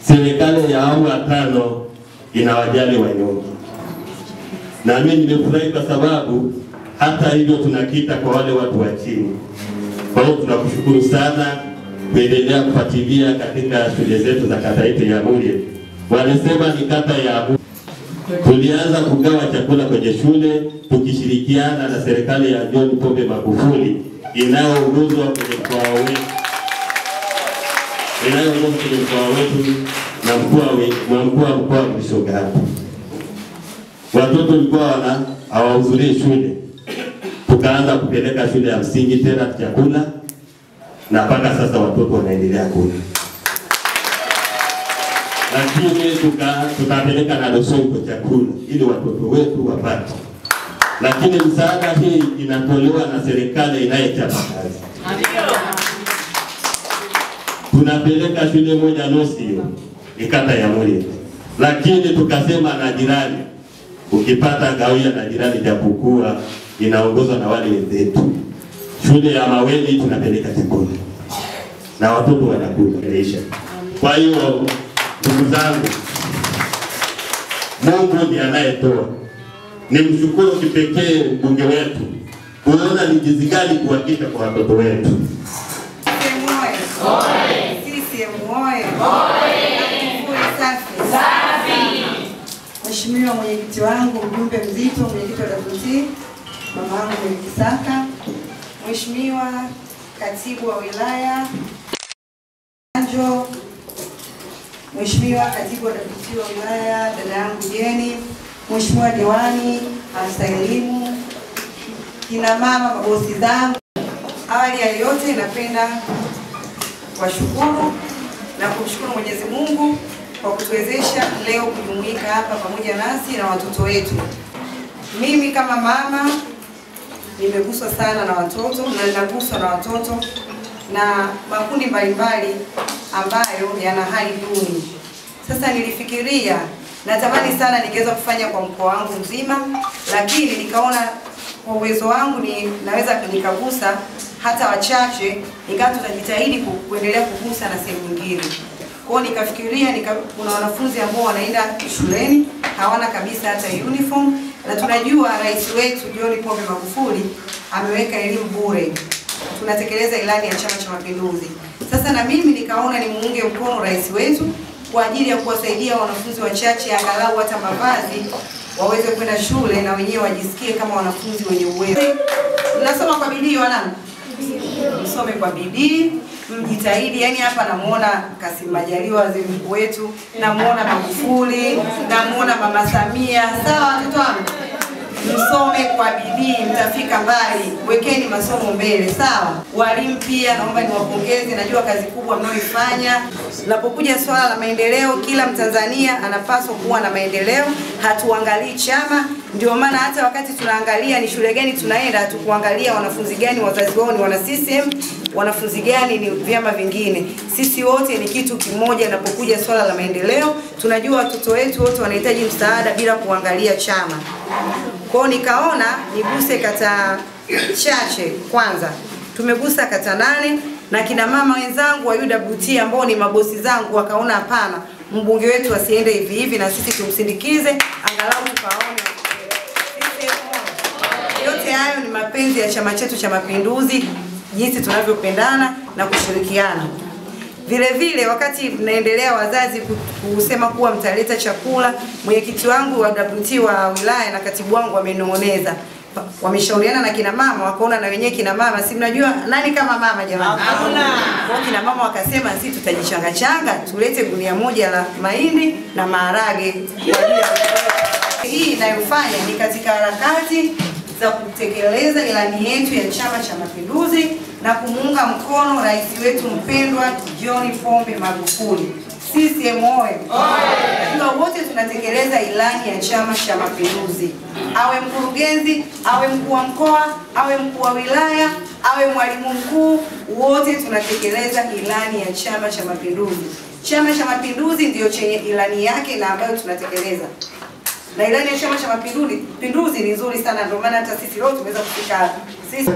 Serikali ya awamu ya tano inawajali wanyonge, na mimi nimefurahi kwa sababu hata hivyo tunakita kwa wale watu wa chini. Kwa hiyo tunakushukuru sana kuendelea kufuatilia katika shule zetu za kata yetu ya Murye. Walisema ni kata ya Murye. Tulianza kugawa chakula kwenye shule tukishirikiana na serikali ya John Pombe Magufuli inayoongozwa kwenye mkoa wetu inayoongozwa kwenye mkoa wetu na mkuu wa mkoa mkoa wa Watoto walikuwa wana hawahudhurii shule, tukaanza kupeleka shule ya msingi tena chakula na mpaka sasa watoto wanaendelea kula lakini tutapeleka na Lusongo chakula ili watoto wetu wapate, lakini msaada hii inatolewa na serikali inayechapa kazi. Tunapeleka shule moja nusu, hiyo ni kata ya Mulye, lakini tukasema na jirani, ukipata gawia na jirani, japokuwa inaongozwa na wale wenzetu. Shule ya maweli tunapeleka chakula na watoto wanakuelewesha. Kwa hiyo ndugu zangu, Mungu ndiye anayetoa. Ni mshukuru kipekee mbunge wetu kuona ni jinsi gani kuhakika kwa watoto wetu. Mheshimiwa mwenyekiti wangu, mjumbe mzito, mwenyekiti wa WT, mama wangu mwenye Kisaka, Mheshimiwa katibu wa wilaya Anjo, Mheshimiwa Katibu wa wa Wilaya, dada yangu Jeni, Mheshimiwa Diwani, afisa elimu, kina mama, mabosi zangu, awali ya yote napenda kuwashukuru na kumshukuru Mwenyezi Mungu kwa kutuwezesha leo kujumuika hapa pamoja nasi na watoto wetu. Mimi kama mama nimeguswa sana na watoto na ninaguswa na watoto na makundi mbalimbali ambayo yana hali duni. Sasa nilifikiria natamani sana ningeweza kufanya kwa mkoa wangu mzima, lakini nikaona kwa uwezo wangu ni naweza nikagusa hata wachache, nikawa tutajitahidi kuendelea kugusa na sehemu nyingine. Kwao nikafikiria nika, kuna wanafunzi ambao wanaenda shuleni hawana kabisa hata uniform, na tunajua rais wetu John Pombe Magufuli ameweka elimu bure tunatekeleza ilani ya Chama cha Mapinduzi. Sasa na mimi nikaona ni muunge mkono rais wetu kwa ajili ya kuwasaidia wanafunzi wachache angalau hata mavazi waweze kwenda shule na wenyewe wajisikie kama wanafunzi wenye uwezo. Mnasoma kwa bidii wanangu, msome kwa bidii, mjitahidi. Yani hapa namuona Kassim Majaliwa waziri mkuu wetu, namuona Magufuli, namuona Mama Samia. Sawa watoto wangu? msome kwa bidii, mtafika mbali. Wekeni masomo mbele, sawa? Walimu pia naomba niwapongeze, najua kazi kubwa mnayoifanya. Napokuja swala la maendeleo, kila Mtanzania anapaswa kuwa na maendeleo. Hatuangalii chama, ndio maana hata wakati tunaangalia ni shule gani tunaenda, hatukuangalia wanafunzi gani wazazi wao ni wana CCM, wanafunzi gani ni vyama vingine. Sisi wote ni kitu kimoja. Napokuja swala la maendeleo, tunajua watoto wetu wote wanahitaji msaada bila kuangalia chama. Kwa hiyo nikaona niguse kata chache kwanza. Tumegusa kata nane na kina mama wenzangu wa UWT ambao ni mabosi zangu wakaona hapana, mbunge wetu asiende hivi hivi, na sisi tumsindikize angalau tukaone yote hayo ni mapenzi ya chama chetu cha Mapinduzi, jinsi tunavyopendana na kushirikiana. Vile vile wakati mnaendelea wazazi kusema kuwa mtaleta chakula, mwenyekiti wangu wa WT wa wilaya na katibu wangu wamenong'oneza wameshauriana na kina mama wakaona na wenyewe kina mama, si mnajua nani kama mama jamani? Hakuna. Kwa kina mama wakasema sisi tutajichanga changa tulete gunia moja la mahindi na maharage. Hii inayofanya ni katika harakati za kutekeleza ilani yetu ya Chama cha Mapinduzi na kumuunga mkono rais wetu mpendwa John Pombe Magufuli. CCM oye! Tukiwa wote tunatekeleza ilani ya Chama cha Mapinduzi, awe mkurugenzi, awe mkuu wa mkoa, awe mkuu wa wilaya, awe mwalimu mkuu, wote tunatekeleza ilani ya Chama cha Mapinduzi. Chama cha Mapinduzi ndiyo chenye ilani yake na ambayo tunatekeleza na ilani ya Chama cha Mapinduzi pinduzi ni nzuri sana, ndio maana hata sisi leo tumeweza kufika sisi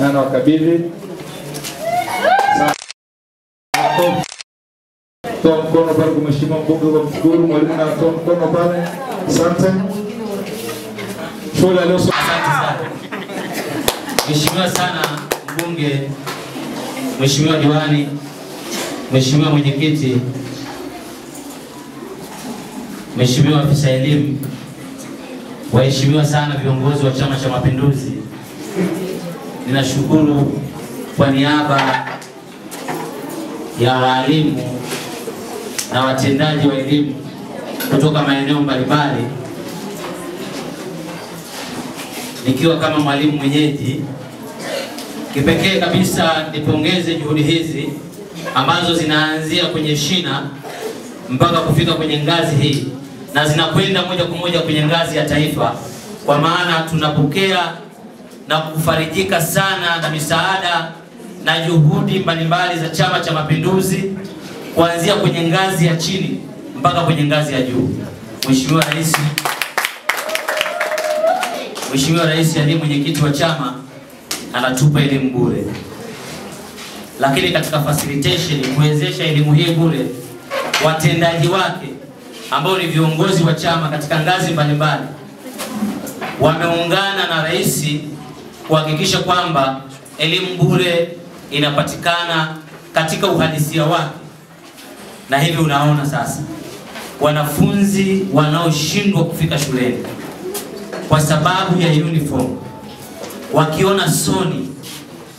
na nawakabidhi toa mkono pale kwa mheshimiwa mbunge kwa mshukuru mwalimu na toa mkono pale asante shule leo sana mheshimiwa sana mbunge mheshimiwa diwani mheshimiwa mwenyekiti mheshimiwa afisa elimu waheshimiwa sana viongozi wa chama cha mapinduzi ninashukuru kwa niaba ya waalimu na watendaji wa elimu kutoka maeneo mbalimbali, nikiwa kama mwalimu mwenyeji. Kipekee kabisa nipongeze juhudi hizi ambazo zinaanzia kwenye shina mpaka kufika kwenye ngazi hii na zinakwenda moja kwa moja kwenye ngazi ya taifa, kwa maana tunapokea na kufarijika sana na misaada na juhudi mbalimbali za Chama cha Mapinduzi kuanzia kwenye ngazi ya chini mpaka kwenye ngazi ya juu. Mheshimiwa Rais, Mheshimiwa Rais aliye mwenyekiti wa chama anatupa elimu bure, lakini katika facilitation kuwezesha elimu hii bure, watendaji wake ambao ni viongozi wa chama katika ngazi mbalimbali wameungana na rais kuhakikisha kwamba elimu bure inapatikana katika uhalisia wake, na hivi unaona sasa wanafunzi wanaoshindwa kufika shuleni kwa sababu ya uniform, wakiona soni,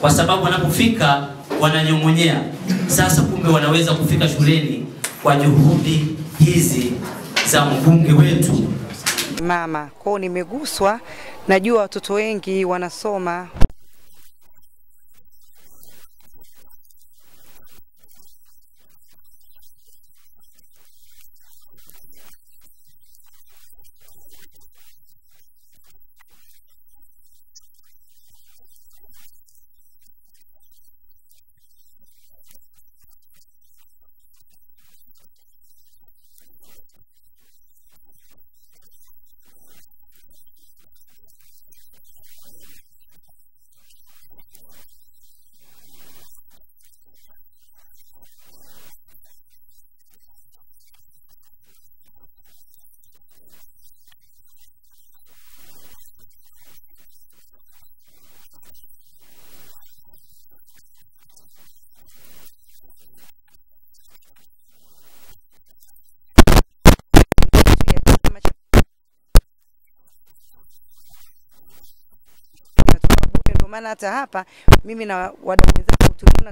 kwa sababu wanapofika wananyong'onyea. Sasa kumbe wanaweza kufika shuleni kwa juhudi hizi za mbunge wetu mama kwao, nimeguswa najua watoto wengi wanasoma maana hata hapa mimi na wadau wenzangu tuliona